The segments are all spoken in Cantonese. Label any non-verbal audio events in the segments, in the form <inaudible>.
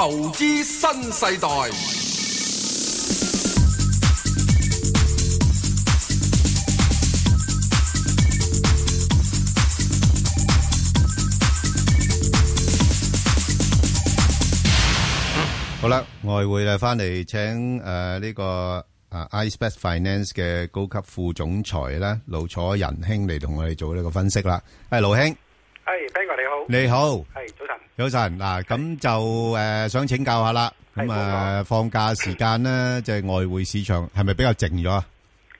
投資新世代。好啦，外匯咧，翻嚟請誒呢個誒 iSpace Finance 嘅高級副總裁啦，盧楚仁兄嚟同我哋做呢個分析啦。係盧兄，係 Ben 哥你好，你好，係早晨。早晨嗱，咁、啊、就誒、呃、想請教下啦，咁誒的、呃、放假時間咧，即係 <coughs> 外匯市場係咪比較靜咗啊？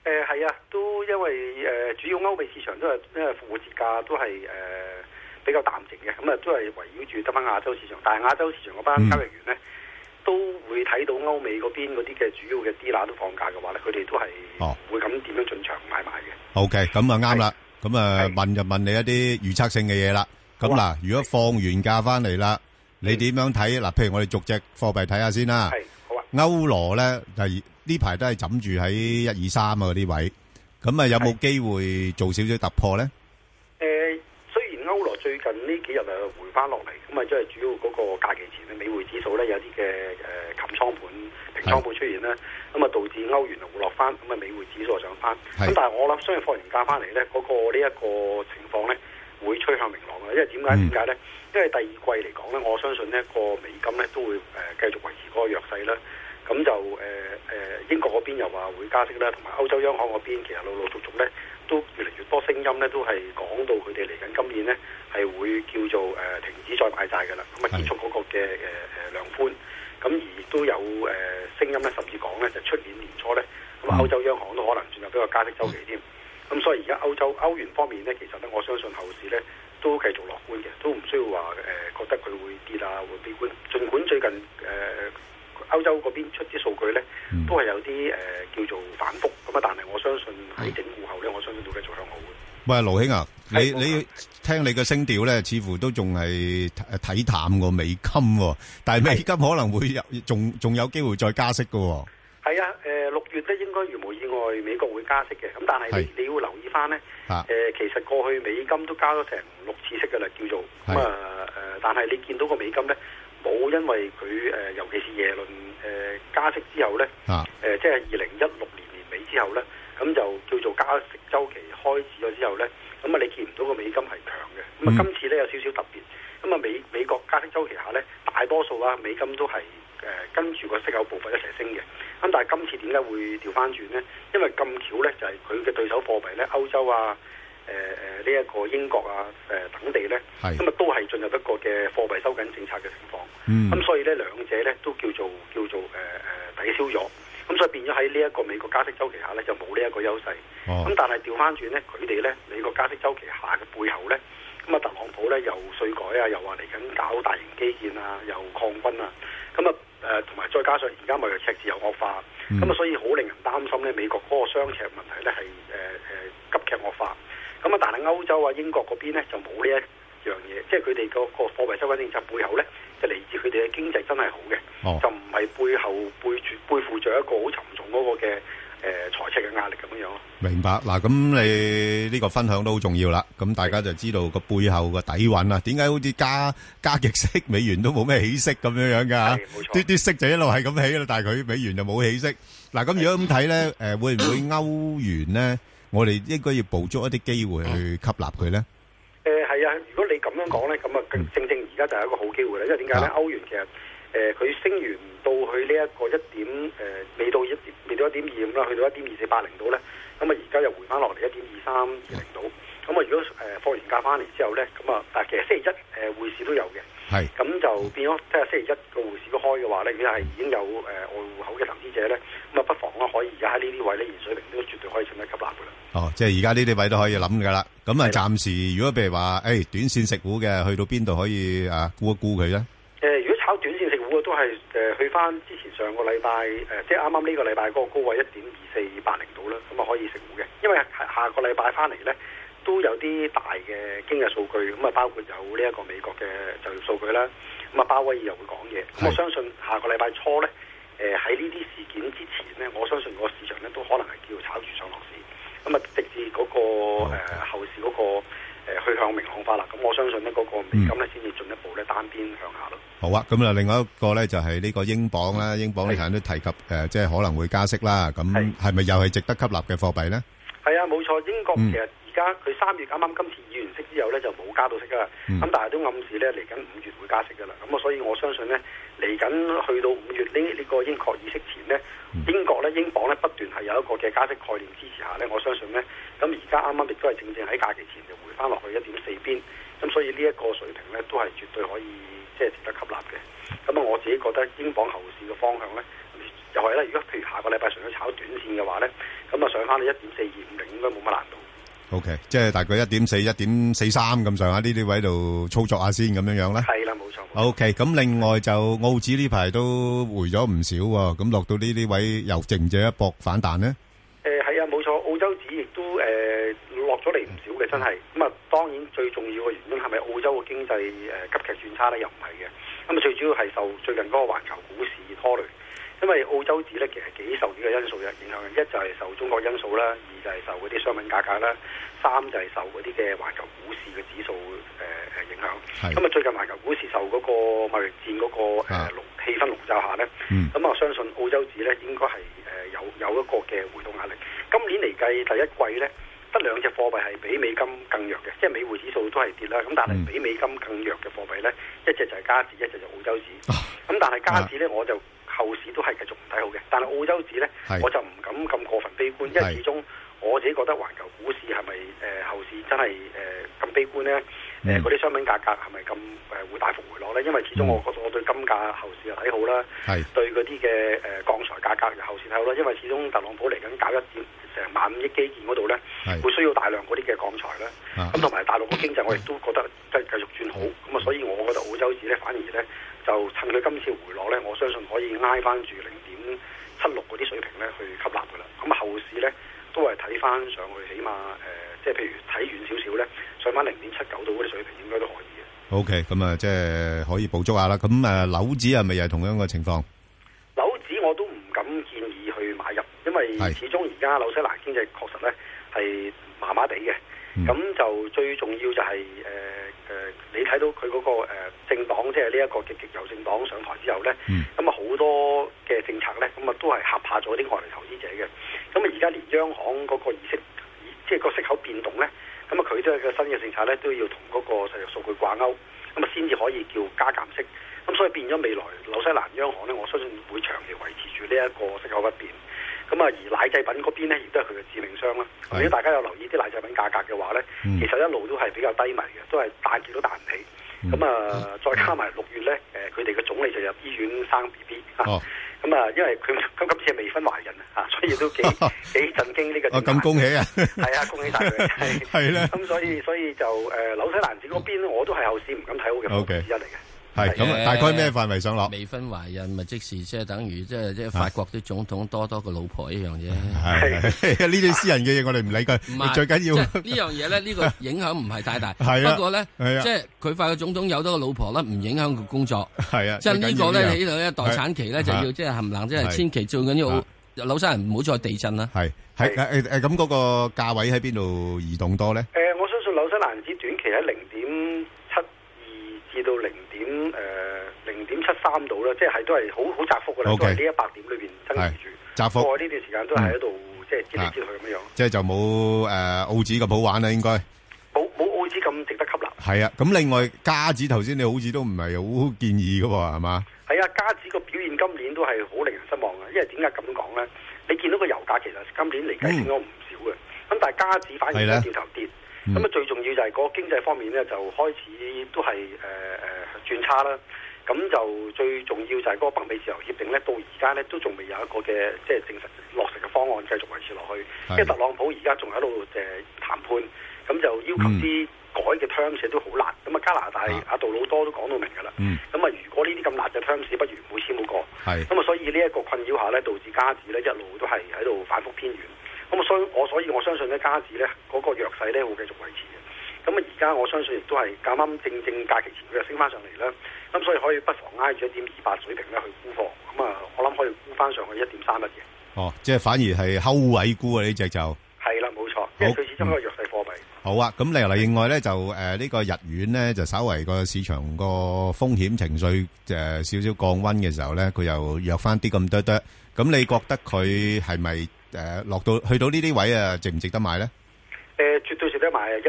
誒係啊，都因為誒主要歐美市場都係因為復活節假，都係誒比較淡靜嘅，咁啊都係圍繞住得翻亞洲市場，但係亞洲市場嗰班交易、嗯、員咧都會睇到歐美嗰邊嗰啲嘅主要嘅跌啦都放假嘅話咧，佢哋都係會咁點樣進場買賣嘅。O K，咁啊啱啦，咁、okay，啊的問就問你一啲預測性嘅嘢啦。咁嗱，啊、如果放完假翻嚟啦，嗯、你點樣睇？嗱，譬如我哋逐隻貨幣睇下先啦。係，好啊。歐羅咧，係呢排都係枕住喺一二三啊嗰啲位，咁啊有冇機會做少少突破咧？誒、嗯，雖然歐羅最近呢幾日誒回翻落嚟，咁啊即係主要嗰個假期前嘅美匯指數咧有啲嘅誒冚倉盤平倉盤出現啦。咁啊是導致歐元啊會落翻，咁啊美匯指數上翻。咁是但係我諗，雖然放完假翻嚟咧，嗰、那個呢一個情況咧，會趨向明朗嘅，因為點解點解呢？因為第二季嚟講呢，我相信呢個美金呢都會誒繼續維持嗰個弱勢啦。咁就誒誒、呃呃、英國嗰邊又話會加息啦，同埋歐洲央行嗰邊其實陸陸續續呢都越嚟越多聲音呢，都係講到佢哋嚟緊今年呢係會叫做誒、呃、停止再買債㗎喇。咁啊是結束嗰個嘅誒誒量寬。咁、呃、而都有誒聲、呃、音呢，甚至講呢就出、是、年年初呢，咁啊歐洲央行都可能進入比較加息週期添。咁、嗯、所以而家歐洲歐元方面咧，其實咧，我相信後市咧都繼續樂觀嘅，都唔需要話誒、呃、覺得佢會跌啊，會悲觀。儘管最近誒、呃、歐洲嗰邊出啲數據咧，都係有啲誒、呃、叫做反覆。咁啊，但係我相信喺整固後咧，我相信都繼續向好嘅。喂，盧兄啊，的你的你，你聽你嘅聲調咧，似乎都仲係睇淡個美金喎，但係美金可能會有仲仲的有機會再加息嘅喎、哦。覺得應該如無意外美國會加息嘅，咁但係你，是你要留意翻呢，誒、啊呃、其實過去美金都加咗成六次息嘅啦，叫做咁啊誒，但係你見到個美金呢，冇因為佢誒、呃，尤其是耶倫誒、呃、加息之後咧，誒、啊呃、即係二零一六年年尾之後呢，咁就叫做加息週期開始咗之後呢。咁啊你見唔到個美金係強嘅，咁啊、嗯、今次呢，有少少，少特別，咁、嗯、啊美美國加息週期下呢，大多數啊美金都係。誒、呃、跟住個息口部分一齊升嘅，咁但係今次點解會調翻轉呢？因為咁巧呢，就係佢嘅對手貨幣呢，歐洲啊，誒誒呢一個英國啊，誒、呃、等地呢，咁啊是都係進入一個嘅貨幣收緊政策嘅情況，咁、嗯嗯、所以呢，兩者呢都叫做叫做誒誒、呃、抵消咗，咁、嗯、所以變咗喺呢一個美國加息周期下呢，就冇呢一個優勢，咁、哦、但係調翻轉呢，佢哋呢，美、這、國、個、加息周期下嘅背後呢，咁、嗯、啊特朗普呢，又稅改啊，又話嚟緊搞大型基建啊，又擴軍啊，咁啊～誒，同埋、嗯、再加上而家咪赤字又惡化，咁啊，所以好令人擔心咧。美國嗰個雙赤問題咧係誒誒急劇惡化，咁啊，但係歐洲啊英國嗰邊咧就冇呢一樣嘢，即係佢哋個貨幣收緊政策背後咧，就嚟自佢哋嘅經濟真係好嘅，哦、就唔係背後背住背負着一個好沉重嗰個嘅。誒，財政嘅壓力咁樣樣咯。明白嗱，咁你呢個分享都好重要啦。咁大家就知道個背後個底蘊啊。點解好似加加極息美元都冇咩起色咁樣樣噶吓？啲啲息就一路係咁起啦，但係佢美元就冇起色。嗱，咁如果咁睇咧，誒，會唔會歐元咧？我哋應該要捕捉一啲機會去吸納佢咧。誒，係啊，如果你咁樣講咧，咁啊，正正而家就係一個好機會啦。因為點解咧？歐元其實。誒，佢、呃、升完到去呢一個一點誒，未、呃、到一，未到一點二咁啦，去到一點二四八零度咧，咁啊而家又回翻落嚟一點二三二零度，咁啊如果誒放完假翻嚟之後咧，咁啊但係其實星期一誒匯市都有嘅，係是，咁就變咗、嗯、即係星期一個匯市都開嘅話咧，如果係已經有誒外戶口嘅投資者咧，咁啊不妨咧可以而家喺呢啲位咧，鹽水亭都絕對可以做得吸納噶啦。哦，即係而家呢啲位都可以諗噶啦。咁啊，暫時如果譬如話誒短綫食股嘅，去到邊度可以啊沽一沽佢咧？短線食糊都係誒、呃、去翻之前上個禮拜誒，即係啱啱呢個禮拜嗰個高位一點二四八零度啦，咁、嗯、啊可以食糊嘅，因為下個禮拜翻嚟咧都有啲大嘅經濟數據，咁、嗯、啊包括有呢一個美國嘅就業數據啦，咁啊鮑威爾又會講嘢，咁、嗯、我相信下個禮拜初咧誒喺呢啲、呃、事件之前咧，我相信個市場咧都可能係叫炒住上落市，咁、嗯、啊直至嗰、那個誒、呃、後市嗰、那個。誒，去向明朗化啦，咁我相信咧，嗰個美金咧先至進一步咧單邊向下咯。好啊，咁啊，另外一個咧就係呢個英鎊啦，英鎊你頭先都提及，誒，即係可能會加息啦。咁係咪又係值得吸納嘅貨幣咧？係啊，冇錯，英國其實。而家佢三月啱啱今次議完息之後呢，就冇加到息啦。咁、嗯、但係都暗示呢，嚟緊五月會加息噶啦。咁啊，所以我相信呢，嚟緊去到五月呢呢、呢個英國議息前呢，英國呢、英鎊呢，不斷係有一個嘅加息概念支持下呢。我相信呢，咁而家啱啱亦都係正正喺假期前就回翻落去一點四邊。咁所以呢一個水平呢，都係絕對可以即係、就是、值得吸納嘅。咁啊，我自己覺得英鎊後市嘅方向呢，又係咧。如果譬如下個禮拜想炒短線嘅話呢，咁啊上翻到一點四二五零應該冇乜難度。OK，即係大概一點四一點四三咁上下呢啲位度操作下先咁樣樣咧，係啦，冇錯。OK，咁另外就澳紙呢排都回咗唔少喎，咁落到呢啲位又剩者一搏反彈咧？誒，係啊，冇錯，澳洲紙亦都誒落咗嚟唔少嘅，真係。咁啊，當然最重要嘅原因係咪澳洲嘅經濟誒急劇轉差咧？又唔係嘅。咁啊，最主要係受最近嗰個環球股市拖累。因為澳洲紙咧，其實幾受幾個因素嘅影響。一就係受中國因素啦，二就係受嗰啲商品價格啦，三就係受嗰啲嘅環球股市嘅指數誒誒影響。咁啊是，最近環球股市受嗰個貿易戰嗰個誒氣是氛籠罩下咧，咁啊、嗯，我相信澳洲紙咧應該係誒有有一個嘅回吐壓力。今年嚟計第一季咧。得兩隻貨幣係比美金更弱嘅，即係美匯指數都係跌啦。咁但係比美金更弱嘅貨幣呢，一隻就係加紙，一隻就澳洲紙。咁但係加紙呢，我就後市都係繼續唔睇好嘅。但係澳洲紙呢，我就唔敢咁過分悲觀，因為始終我自己覺得環球股市係咪誒後市真係誒咁悲觀呢？誒嗰啲商品價格係咪咁誒會大幅回落呢？因為始終我覺得我對後市又睇好啦，是對嗰啲嘅誒鋼材價格就後市睇好啦，因為始終特朗普嚟緊搞一點五萬億基建嗰度咧，是會需要大量嗰啲嘅鋼材啦。咁同埋大陸嘅經濟，我亦都覺得即係繼續轉好。咁啊，所以我覺得澳洲紙咧反而咧就趁佢今次回落咧，我相信可以挨翻住零點七六嗰啲水平咧去吸納㗎啦。咁啊，後市咧都係睇翻上去，起碼誒即係譬如睇遠少少咧，上翻零點七九度嗰啲水平應該都。O K，咁啊，即係、okay，可以補足下啦。咁誒紐紙係咪又係同樣嘅情況？紐紙我都唔敢建議去買入，因為始終而家紐西蘭經濟確實咧係麻麻地嘅。咁是就最重要就係誒誒，你睇到佢嗰個、呃、政黨，即係呢一個極極右政黨上台之後咧，咁啊好多嘅政策咧，咁啊都係嚇怕咗啲外來投資者嘅。咁啊而家連央行嗰個意識，即係個息口變動咧。咁啊，佢都係個新嘅政策咧，都要同嗰個實質數據掛鈎，咁啊先至可以叫加減息。咁所以變咗未來紐西蘭央行咧，我相信會長期維持住呢一個息口不變。咁啊，而奶製品嗰邊咧，亦都係佢嘅致命傷啦。是的 如果大家有留意啲奶製品價格嘅話咧，其實一路都係比較低迷嘅，都係彈極都彈唔起。咁啊，嗯嗯、再加埋六月咧，誒佢哋嘅總理就入醫院生 B B 嚇。咁啊，因為佢今今次係未婚懷孕啊，嚇，所以都幾 <laughs> 幾震驚呢個。啊，咁恭喜啊！係 <laughs> 啊，恭喜晒佢。係啦。咁呢所以所以就誒、呃、紐西蘭子嗰邊，我都係後市唔敢睇好嘅投資之一嚟嘅。Okay. 係咁，大概咩範圍上落？未婚懷孕咪即時即係等於即係即係法國啲總統多多個老婆一樣嘢。係呢啲私人嘅嘢，我哋唔理佢。唔係，最緊要呢樣嘢咧，呢個影響唔係太大。係啊，不過咧，即係佢法國總統有多個老婆啦，唔影響佢工作。係啊，即係呢個咧喺度咧待產期咧就要即係冚冷，即係千祈最緊要紐西蘭唔好再地震啦。係係誒誒，咁嗰個價位喺邊度移動多咧？誒，我相信紐西蘭只短期喺零點。去到零點誒、呃、零點七三度啦，即係都係好好窄幅嘅啦，喺呢 Okay. 一百點裏邊撐住窄幅。呢、哦、段時間都係喺度即係接嚟接去咁樣。即係就冇誒、呃、澳紙咁好玩啦，應該冇冇澳紙咁值得吸納啦。係啊，咁另外加紙頭先你好似都唔係好建議嘅喎，係嘛？係啊，加紙個表現今年都係好令人失望啊。因為點解咁講咧？你見到個油價其實今年嚟計升咗唔少嘅，咁、嗯、但係加紙反而係掉頭跌。咁啊，嗯、最重要就係嗰個經濟方面咧，就開始都係誒誒轉差啦。咁就最重要就係嗰個北美自由協定咧，到而家咧都仲未有一個嘅即係正式落實嘅方案，繼續維持落去。是因為特朗普而家仲喺度誒談判，咁就要求啲改嘅 terms 都好難。咁啊、嗯，加拿大阿杜魯多都講到明㗎啦。咁啊、嗯，如果呢啲咁辣嘅 terms 不如唔好簽嗰個。咁啊，所以呢一個困擾下咧，導致加指咧一路都係喺度反覆偏軟。咁啊，所以我所以我相信咧，加紙咧嗰個弱勢咧，會繼續維持嘅。咁啊，而家我相信亦都係啱啱正正假期前佢又升翻上嚟啦。咁所以可以不妨挨住一點二八水平咧去沽貨。咁啊，我諗可以沽翻上去一點三一嘅。哦，即係反而係高位沽啊！呢隻就係啦，冇錯，因為佢始終係個弱勢貨幣。好啊，咁你又嚟另外咧，就誒呢個日元咧，就稍為個市場個風險情緒誒少少降溫嘅時候咧，佢又弱翻啲咁多多。咁你覺得佢係咪？誒，落到、呃、去到呢啲位啊，值唔值得買呢？誒、呃，絕對值得買啊！一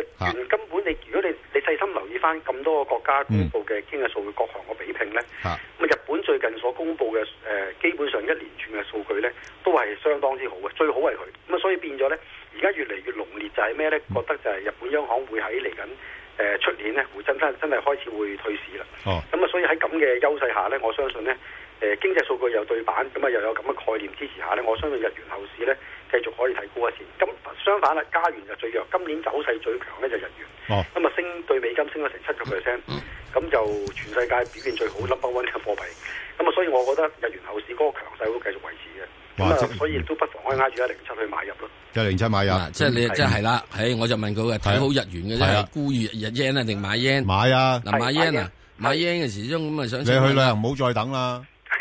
根本你如果你你細心留意翻咁多個國家公布嘅經濟數據、嗯、各行嘅比拼呢，咁啊日本最近所公布嘅誒、呃，基本上一連串嘅數據呢，都係相當之好嘅，最好係佢。咁啊，所以變咗呢，而家越嚟越濃烈就係咩呢？嗯、覺得就係日本央行會喺嚟緊誒出年呢，會真真真係開始會退市啦。咁啊、嗯，所以喺咁嘅優勢下呢，我相信呢。誒經濟數據又對板，咁啊又有咁嘅概念支持下咧，我相信日元後市咧繼續可以睇高一線。咁相反啦，加元就最弱，今年走勢最強咧就日元。哦，咁啊升對美金升咗成七個 percent。嗯，咁就全世界表現最好 number one 嘅貨幣。咁啊，所以我覺得日元後市嗰個強勢會繼續維持嘅。哇！即係所以都不妨可以挨住一零七去買入咯。一零七買入，即係你即係係啦。誒，我就問佢嘅睇好日元嘅啫。係啊，沽日 yen 啊定買 yen？買啊！嗱，買 yen 啊，買 yen 嘅始終咁啊想。你去旅行唔好再等啦。係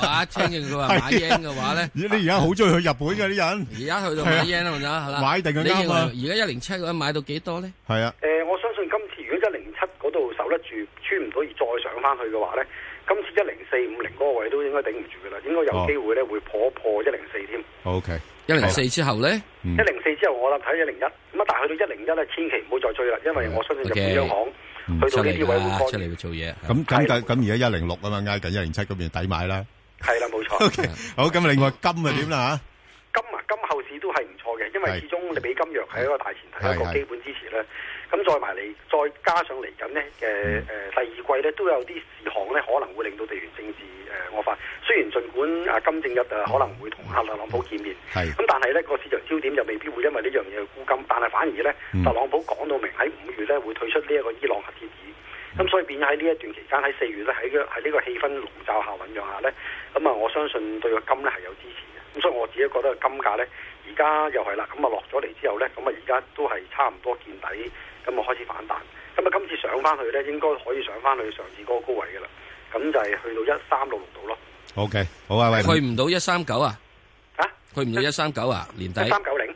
啊，聽住佢話買 yen 嘅話咧，你而家好中意去日本嘅啲人，而家、啊、去到買 yen 啦，係啦、啊，買定嘅啱。而家一零七嗰陣買到幾多咧？係啊，誒、呃，我相信今次如果一零七嗰度守得住，穿唔到而再上翻去嘅話咧，今次一零四五零嗰個位都應該頂唔住噶啦，應該有機會咧會破一破一零四添。O K，一零四之後咧，一零四之後我諗睇一零一，咁啊，但係去到一零一咧，千祈唔好再追啦，因為我相信日本央行。去到呢啲位會幹，出嚟去做嘢。咁咁咁咁而家一零六啊嘛，挨近一零七嗰邊抵買啦。係啦，冇錯。O K，好，咁另外金啊點啦吓？金啊，金後市都係唔錯嘅，因為始終你美金弱係一個大前提，一個基本支持咧。咁再埋嚟，再加上嚟緊呢嘅誒第二季呢，都有啲事項呢可能會令到地緣政治誒惡化。雖然儘管啊金正日啊可能會同啊特朗普見面，係咁，但係呢個市場焦點又未必會因為呢樣嘢沽金，但係反而呢，特朗普講到明喺五月呢會退出呢一個伊朗核協議，咁所以變咗喺呢一段期間喺四月呢，喺喺呢個氣氛籠罩下醖釀下呢。咁啊我相信對個金呢係有支持嘅。咁所以我自己覺得個金價呢，而家又係啦，咁啊落咗嚟之後呢，咁啊而家都係差唔多見底。咁啊，開始反彈。咁啊，今次上翻去咧，應該可以上翻去上次嗰個高位嘅啦。咁就係去到一三六六度咯。OK，好啊，喂。去唔到一三九啊？啊？去唔到一三九啊？年底一三九零？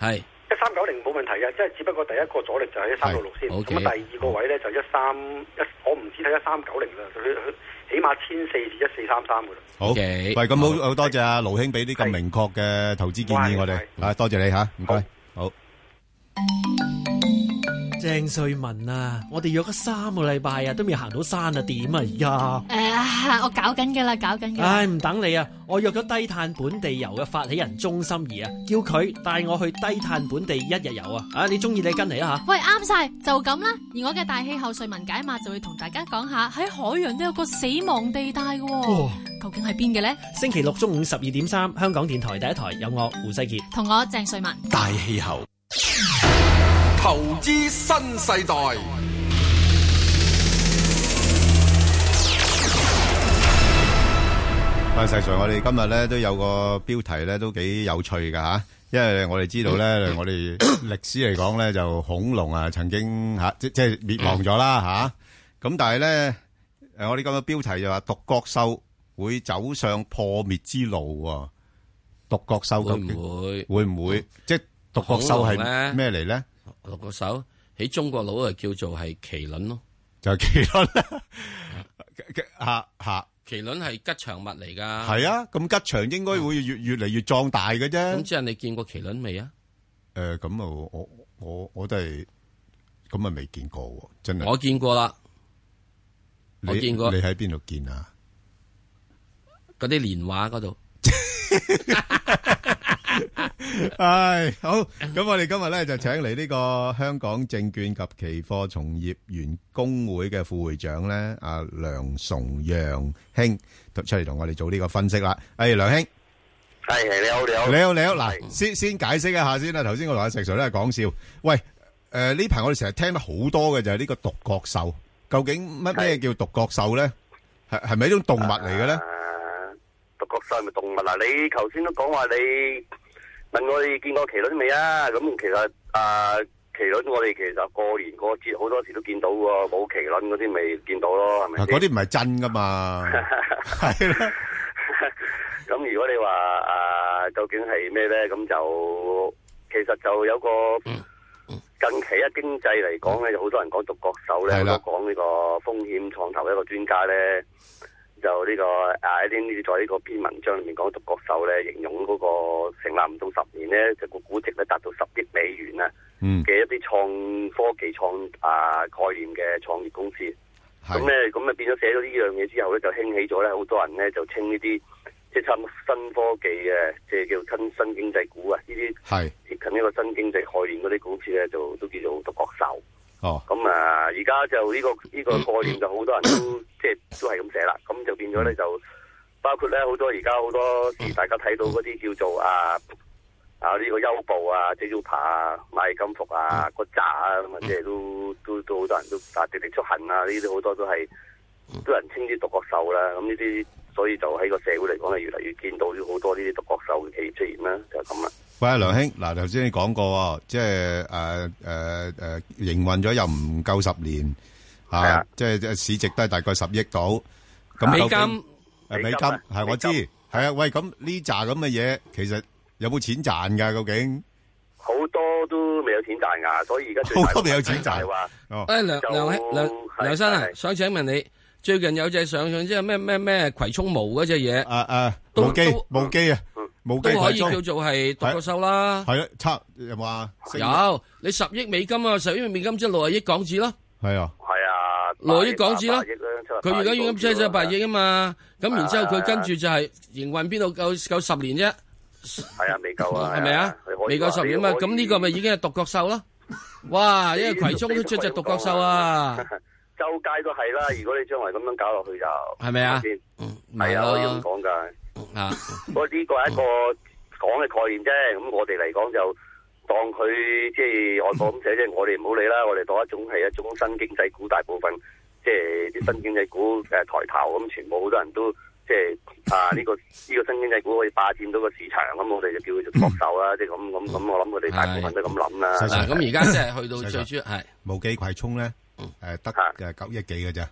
係一三九零冇問題嘅，即係只不過第一個阻力就係一三六六先。OK。咁啊，第二個位咧就一三一，我唔知睇一三九零啦，就去去起碼千四至一四三三嘅啦。OK，喂，咁好，好多謝阿盧兄俾啲咁明確嘅投資建議我哋。啊，多謝你吓，唔該，好。鄭瑞文啊，我哋約咗三個禮拜啊，都未行到山啊，點啊而家？誒、yeah.，uh, 我搞緊嘅啦，搞緊嘅。唉、哎，唔等你啊，我約咗低碳本地遊嘅發起人鍾心儀啊，叫佢帶我去低碳本地一日遊啊！啊，你中意你跟嚟啊吓。喂，啱晒就咁啦。而我嘅大氣候，瑞文解碼就會同大家講下，喺海洋都有個死亡地帶嘅、啊，哦、究竟係邊嘅咧？星期六中午十二點三，香港電台第一台有我胡世杰同我鄭瑞文大氣候。投資新世代。啊，實在我哋今日咧都有個標題咧，都幾有趣噶吓，因為我哋知道咧，我哋歷史嚟講咧就恐龍啊，曾經吓即即係滅亡咗啦吓。咁但係咧，誒，我哋今日個標題就話獨角獸會走上破滅之路。獨角獸究竟會唔會？會唔會？即係獨角獸係咩嚟咧？落個手喺中國佬就叫做係麒麟咯，就係麒麟吓吓。 <laughs> 啊啊、麒麟係吉祥物嚟噶，係啊，咁吉祥應該會越越嚟越壯大嘅啫。咁即係你見過麒麟未啊？誒、呃，咁啊，我我我都係咁啊，未見過，真係。我見過啦，你見過，你喺邊度見啊？嗰啲年畫嗰度。 <laughs> <laughs> 係好，咁我哋今日咧就請嚟呢個香港證券及期貨從業員工會嘅副會長咧，阿梁崇陽兄出嚟同我哋做呢個分析啦。誒，梁兄，係你好，你好，你好，你好。嗱，先先解釋一下先啦。頭先我同阿石 Sir 都係講笑，喂，誒，呢排我哋成日聽得好多嘅就係呢個獨角獸，究竟乜咩叫獨角獸咧？係係咪一種動物嚟嘅咧？獨角獸係咪動物呀？你頭先都講話你。問我哋見過麒麟未啊？咁其實啊，麒麟我哋其實過年過節好多時都見到噶，冇麒麟嗰啲未見到咯，係咪？嗰啲唔係真噶嘛，係咁 <laughs> <laughs> <laughs> 如果你話啊，究竟係咩咧？咁就其實就有一個近期啊，經濟嚟講咧，就、嗯、好多人講獨角獸咧，講呢的個風險創投一個專家咧。就呢、這個啊，一啲在呢個篇文章裏面講獨角獸咧，形容嗰個成立唔到十年咧，就個估值咧達到十億美元啊，嗯嘅一啲創科技創啊概念嘅創業公司，咁咧咁啊變咗寫咗呢樣嘢之後咧，就興起咗咧，好多人咧就稱呢啲即係差新科技嘅，即係叫新新經濟股啊，呢啲係接近一個新經濟概念嗰啲公司咧，就都叫做獨角獸。哦，咁啊，而家就呢個呢個概念就好多人都 <coughs> 即係都係咁寫啦，咁就變咗咧就包括咧好多而家好多大家睇到嗰啲叫做啊啊呢個優步啊、滴滴爬啊、買金服啊、 <coughs> 個閘啊咁啊，即係都都都好多人都打滴滴出行啊，呢啲好多都係。都人稱啲獨角獸啦，咁呢啲所以就喺個社會嚟講，係越嚟越見到好多呢啲獨角獸嘅企業出現啦，就係咁啦。喂，梁兄，嗱頭先你講過，即係誒誒誒營運咗又唔夠十年，係啊，即係市值都係大概十億到。咁，究竟？係美金，係我知，係啊。喂，咁呢扎咁嘅嘢，其實有冇錢賺噶？究竟？好多都未有錢賺啊！所以而家都未有錢賺。係話，誒梁梁梁梁生啊，想請問你。最近有隻上上即係咩咩咩葵涌冇嗰隻嘢，誒誒，冇機冇機啊，冇機可以叫做係獨角獸啦。係咯，差有冇啊？有，你十億美金啊，十億美金即係六十億港紙咯。係啊，係啊，六億港紙咯。佢而家現金即係八億啊嘛，咁然之後佢跟住就係營運邊度夠夠十年啫？係啊，未夠啊，係咪啊？未夠十年啊嘛？咁呢個咪已經係獨角獸咯？哇！因為葵涌都出隻獨角獸啊！周街都係啦，如果你將來咁樣搞落去就係咪啊？先，係啊，我要咁講噶。嗱，不過呢個係一個講嘅概念啫。咁我哋嚟講就當佢即係外國咁寫，即係我哋唔好理啦。我哋當一種係一種新經濟股，大部分即係啲新經濟股誒抬頭，咁全部好多人都即係啊呢個呢個新經濟股可以霸占到個市場，咁我哋就叫佢作手啦。即係咁咁咁。我諗我哋大部分都咁諗啦。咁而家即係去到最終係毛記葵涌咧。誒，得嘅九億幾嘅咋，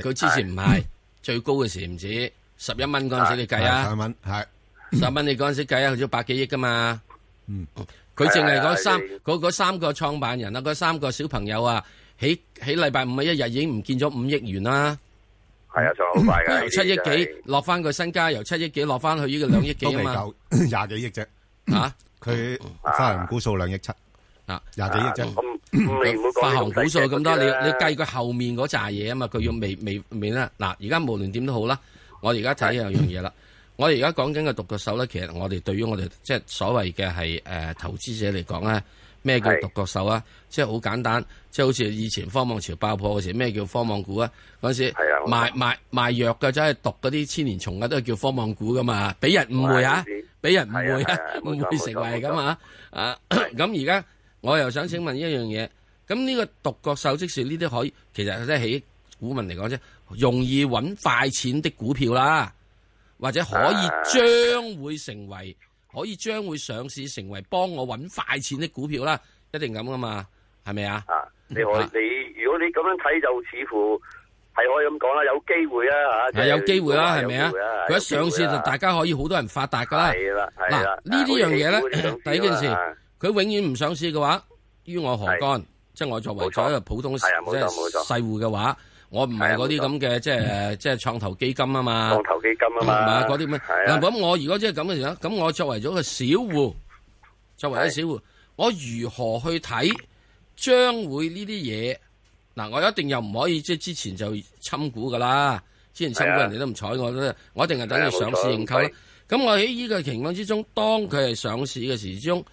佢之前唔係，哎、呀最高嘅時唔止十一蚊嗰陣時，你計啊，哎、十蚊係十蚊，你嗰陣時計啊，去咗百幾億噶嘛。嗯，佢淨係嗰三嗰嗰三個創辦人啊，嗰三個小朋友啊，起起禮拜五嘅一日已經唔見咗五億元啦。係啊，就好快噶，嗯、由七億幾落翻個身家，由七億、嗯、幾落翻去呢個兩億幾嚟，未夠廿幾億啫。吓、嗯，佢發行股數兩億七。嗱廿幾億啫，發行股數咁多，你你計佢後面嗰扎嘢啊嘛？佢要未未未咧？嗱，而家無論點都好啦，我而家睇有樣嘢啦。我哋而家講緊嘅獨角獸咧，其實我哋對於我哋即係所謂嘅係誒投資者嚟講咧，咩叫獨角獸啊？即係好簡單，即係好似以前方望潮爆破嗰時，咩叫方望股啊？嗰時賣賣賣藥嘅真係毒嗰啲千年蟲嘅，都係叫方望股噶嘛？俾人誤會啊，俾人誤會啊，會唔會成為咁啊？啊咁而家。我又想請問一樣嘢，咁呢個獨角獸即係呢啲可以，其實即係起股民嚟講啫，容易揾快錢的股票啦，或者可以將會成為，可以將會上市成為幫我揾快錢的股票啦，一定咁噶嘛，係咪啊？啊，好吧你好，你如果你咁樣睇就似乎係可以咁講啦，有機會啊吓、係啊啊啊，有機會啦，係咪啊？佢一上市就大家可以好多人發達噶啦，係啦呢啲樣嘢咧，第一件事。啊佢永遠唔上市嘅話，於我何干？即係我作為咗一個普通即係細戶嘅話，我唔係嗰啲咁嘅，即係即係創投基金啊嘛，創投基金啊嘛，嗰啲咩嗱？咁我如果即係咁嘅樣，咁我作為咗個小戶，作為一小戶，我如何去睇將會呢啲嘢嗱？我一定又唔可以即係之前就參股噶啦，之前參股人哋都唔睬我，我一定係等佢上市認購啦。咁我喺呢個情況之中，當佢係上市嘅時之中。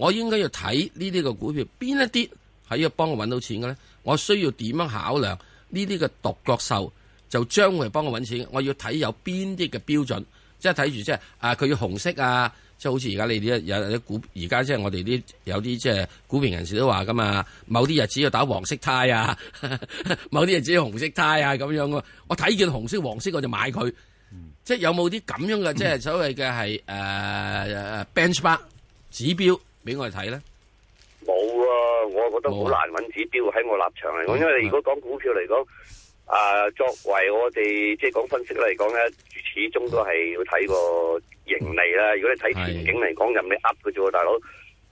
我應該要睇呢啲嘅股票，邊一啲喺度幫我揾到錢嘅咧？我需要點樣考量呢啲嘅獨角獸就將會幫我揾錢？我要睇有邊啲嘅標準，即係睇住即係啊，佢要紅色啊，即係好似而家你啲有啲股，而家即係我哋啲有啲即係股評人士都話噶嘛，某啲日子要打黃色胎啊， <laughs> 某啲日子要紅色胎啊咁樣啊，樣我睇見紅色黃色我就買佢，即係有冇啲咁樣嘅即係所謂嘅係誒、呃、 <laughs> benchmark 指標？俾我哋睇咧，冇啊！我覺得好難揾指標，喺我立場嚟講，嗯、因為如果講股票嚟講，嗯、啊作為我哋即係講分析嚟講咧，始終都係要睇個盈利啦。嗯、如果你睇前景嚟講，人哋呃佢嘅啫，大佬，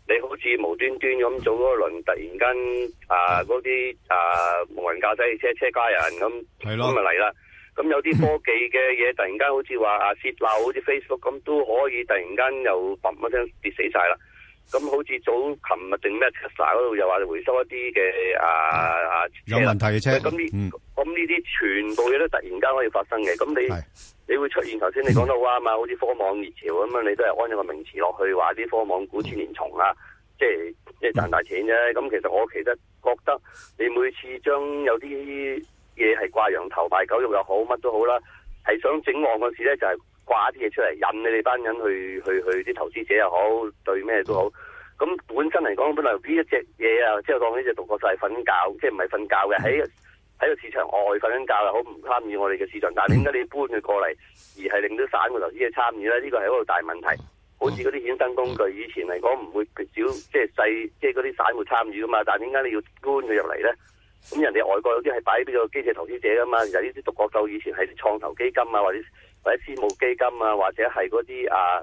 你好似無端端咁做嗰輪，突然間啊嗰啲、嗯、啊無人駕駛車車加人咁，咁咪嚟啦。咁有啲科技嘅嘢，突然間好似話啊泄漏， <laughs> 好似 Facebook 咁，都可以突然間又砰一聲跌死晒啦。咁好似早琴日定咩 Tesla 嗰度又話要回收一啲嘅啊有問題嘅車咁呢？咁呢啲全部嘢都突然間可以發生嘅。咁你是你會出現頭先你講到話嘛， <laughs> 好似科網熱潮咁樣，你都係安咗個名詞落去，話啲科網股千年蟲啊，即係即係賺大錢啫。咁、嗯、其實我其實覺得你每次將有啲嘢係掛羊頭賣狗肉又好，乜都好啦，係想整旺嗰時咧就係、是。就是掛啲嘢出嚟引你哋班人去去去啲投資者又好，對咩都好，咁本身嚟講本來呢、就是就是、一隻嘢啊，即係講呢隻獨角獸瞓覺，即係唔係瞓覺嘅喺喺個市場外瞓緊覺又好，唔參與我哋嘅市場，但係點解你要搬佢過嚟而係令到散戶投資者參與咧？呢、這個係一個大問題。好似嗰啲衍生工具以前嚟講唔會少，即係細，即係嗰啲散戶參與噶嘛，但係點解你要搬佢入嚟咧？咁人哋外國有啲係擺畀個機械投資者噶嘛，其實啲獨角獸以前係啲創投基金啊或者。喺私募基金啊，或者係嗰啲啊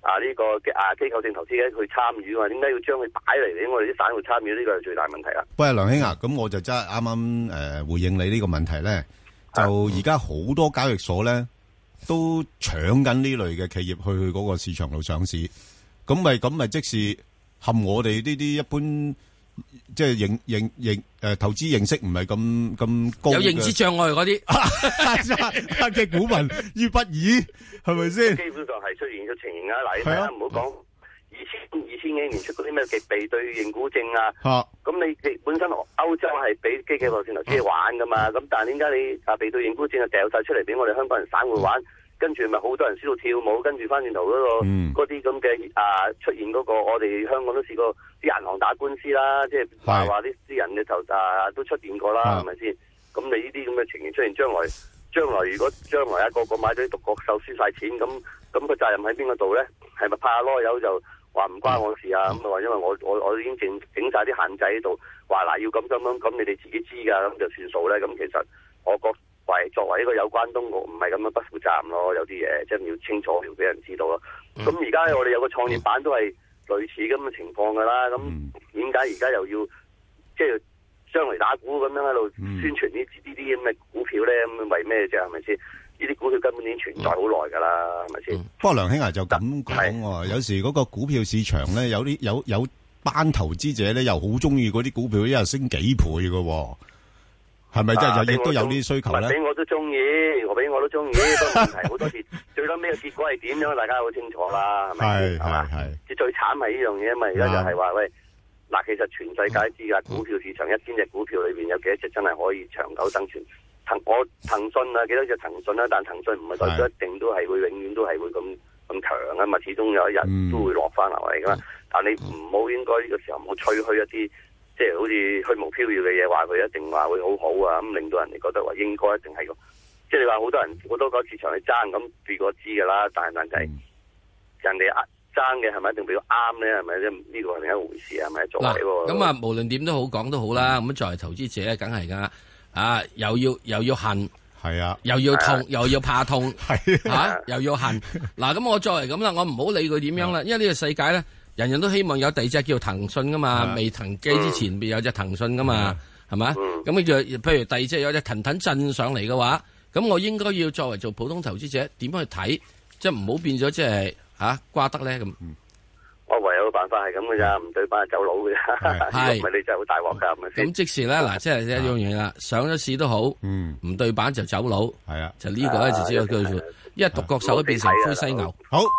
啊呢個啊機構性投資咧去參與啊，點、啊、解、這個啊、要將佢擺嚟俾我哋啲散戶參與？呢個係最大問題啦。喂，不過梁兄啊，咁、嗯、我就真係啱啱誒回應你呢個問題咧，就而家好多交易所咧都搶緊呢類嘅企業去去嗰個市場度上市，咁咪咁咪即是含我哋呢啲一般。即係認認認誒，投資認識唔係咁咁高，有認知障礙嗰啲啊嘅股民遇不意，係咪先？基本上係出現咗情形啊，嗱、啊，你睇下唔好講二千二千幾年出嗰啲咩嘅備兌認股證啊，咁、啊、你本身歐洲係俾基建股線頭車玩㗎嘛，咁、嗯、但係點解你啊備兌認股證啊掉晒出嚟，俾我哋香港人散戶玩？嗯跟住咪好多人輸到跳舞，跟住翻轉頭嗰個嗰啲咁嘅啊出現嗰個，我哋香港都試過啲銀行打官司啦，即係話話啲啲人嘅就啊都出現過啦，係咪先？咁你呢啲咁嘅情形出現將，將來將來如果將來一、啊、個，個個買咗啲獨角獸輸晒錢，咁咁、嗰個責任喺邊個度咧？係咪怕囉柚就話唔關我事啊？咁啊話因為我我我已經整整曬啲限制喺度，話嗱要咁咁咁，樣樣你哋自己知㗎，咁就算數咧。咁其實我覺。為作為一個有關當局唔係咁樣不負責任咯，有啲嘢即係要清楚，要俾人知道咯。咁而家我哋有個創業板都係類似咁嘅情況噶啦。咁點解而家又要即係將嚟打鼓咁樣喺度宣傳股票呢？呢啲咁嘅股票咧，咁為咩啫？係咪先？呢啲股票根本已經存在好耐噶啦，係咪先？不過梁兄啊，就咁講喎。是有時嗰個股票市場咧，有啲有有班投資者咧，又好中意嗰啲股票一日升幾倍噶。係咪真係、啊、亦都有呢啲需求咧？我俾我都中意，我俾我都中意，好多問題，好多時最屘尾嘅結果係點樣，大家好清楚啦，係咪？ <laughs> 係係。最最慘係呢樣嘢，因為而家就係話的喂，嗱，其實全世界知噶，股票市場、嗯、一千隻股票裏邊有幾多隻真係可以長久生存？騰，我騰訊啊，幾多隻騰訊啊？但騰訊唔係代表一定都係會的永遠都係會咁咁強啊嘛，始終有一日都會落翻嚟噶嘛。嗯、但你唔好應該呢個時候唔好吹嘘一啲。即係好似虛無縹緲嘅嘢，話佢一定話會好好啊，咁令到人哋覺得話應該，一定係咁。即係你話好多人好多個市場去爭，咁變過知噶啦，但係問題人哋爭嘅係咪一定比較啱咧？係咪咧？呢個係另一回事啊。係咪？做咁啊，無論點都好講都好啦。咁作為投資者，梗係噶啊，又要又要恨，係啊，又要痛，又要怕痛，係吓，又要恨。嗱，咁我作為咁啦，我唔好理佢點樣啦，因為呢個世界咧。人人都希望有第二隻叫騰訊噶嘛，未騰機之前邊有隻騰訊噶嘛，係咪？咁你就譬如第二隻有隻騰騰震上嚟嘅話，咁我應該要作為做普通投資者點去睇？即係唔好變咗即係吓，瓜得咧咁。我唯有個辦法係咁嘅咋，唔對板就走佬嘅。係咪你就好大鑊㗎？咁即時咧，嗱，即係一樣嘢啦，上咗市都好，唔對板就走佬。係啊，就呢個咧就只有佢，一獨角獸都變成灰犀牛。好。